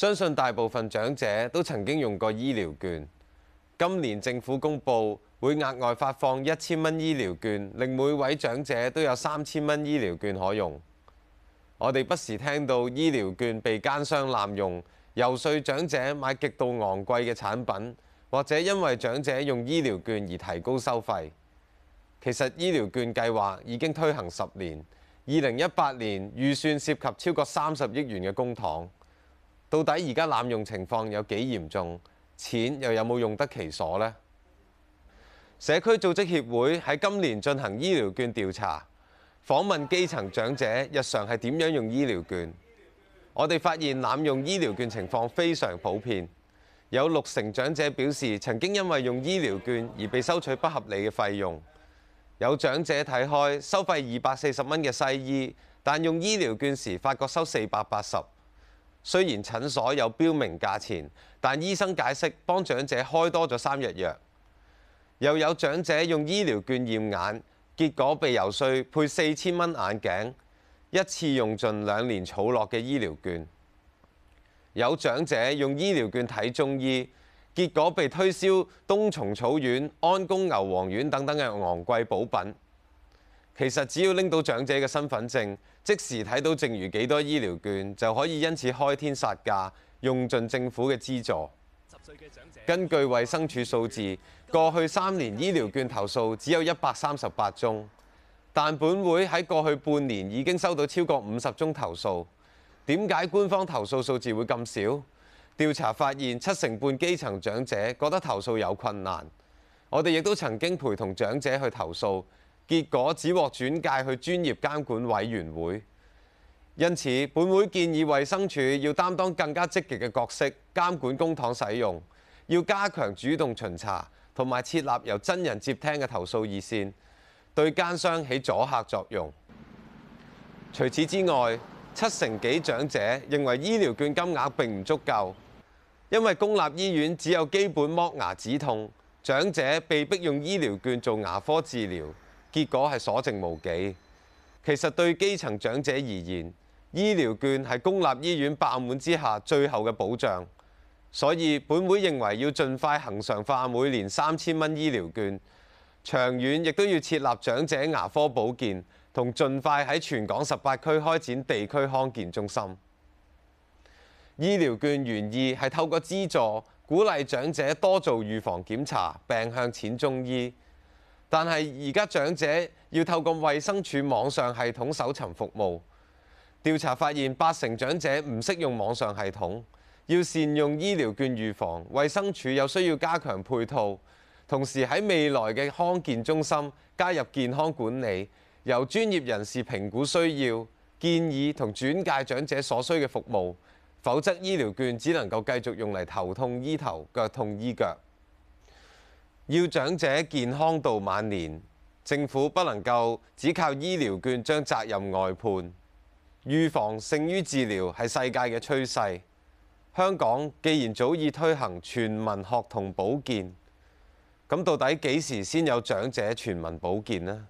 相信大部分長者都曾經用過醫療券。今年政府公布會額外發放一千蚊醫療券，令每位長者都有三千蚊醫療券可用。我哋不時聽到醫療券被奸商濫用，遊說長者買極度昂貴嘅產品，或者因為長者用醫療券而提高收費。其實醫療券計劃已經推行十年，二零一八年預算涉及超過三十億元嘅公帑。到底而家濫用情況有幾嚴重？錢又有冇用得其所呢？社區組織協會喺今年進行醫療券調查，訪問基層長者日常係點樣用醫療券。我哋發現濫用醫療券情況非常普遍，有六成長者表示曾經因為用醫療券而被收取不合理嘅費用。有長者睇開收費二百四十蚊嘅西醫，但用醫療券時發覺收四百八十。雖然診所有標明價錢，但醫生解釋幫長者開多咗三日藥。又有長者用醫療券驗眼，結果被游說配四千蚊眼鏡，一次用盡兩年儲落嘅醫療券。有長者用醫療券睇中醫，結果被推銷冬蟲草丸、安宮牛黃丸等等嘅昂貴補品。其實只要拎到長者嘅身份證，即時睇到剩餘幾多醫療券，就可以因此開天殺價，用盡政府嘅資助。根據衛生署數字，過去三年醫療券投訴只有一百三十八宗，但本會喺過去半年已經收到超過五十宗投訴。點解官方投訴數字會咁少？調查發現七成半基層長者覺得投訴有困難。我哋亦都曾經陪同長者去投訴。結果只獲轉介去專業監管委員會，因此本會建議衛生署要擔當更加積極嘅角色，監管公帑使用，要加強主動巡查，同埋設立由真人接聽嘅投訴熱線，對奸商起阻嚇作用。除此之外，七成幾長者認為醫療券金額並唔足夠，因為公立醫院只有基本剝牙止痛，長者被逼用醫療券做牙科治療。結果係所剩無幾。其實對基層長者而言，醫療券係公立醫院爆滿之下最後嘅保障。所以本會認為要盡快恆常化每年三千蚊醫療券，長遠亦都要設立長者牙科保健，同盡快喺全港十八區開展地區康健中心。醫療券原意係透過資助，鼓勵長者多做預防檢查，病向淺中醫。但係而家長者要透過衛生署網上系統搜尋服務，調查發現八成長者唔識用網上系統，要善用醫療券預防。衛生署又需要加強配套，同時喺未來嘅康健中心加入健康管理，由專業人士評估需要建議同轉介長者所需嘅服務，否則醫療券只能夠繼續用嚟頭痛醫頭、腳痛醫腳。要長者健康到晚年，政府不能夠只靠醫療券將責任外判。預防勝於治療係世界嘅趨勢。香港既然早已推行全民學童保健，咁到底幾時先有長者全民保健呢？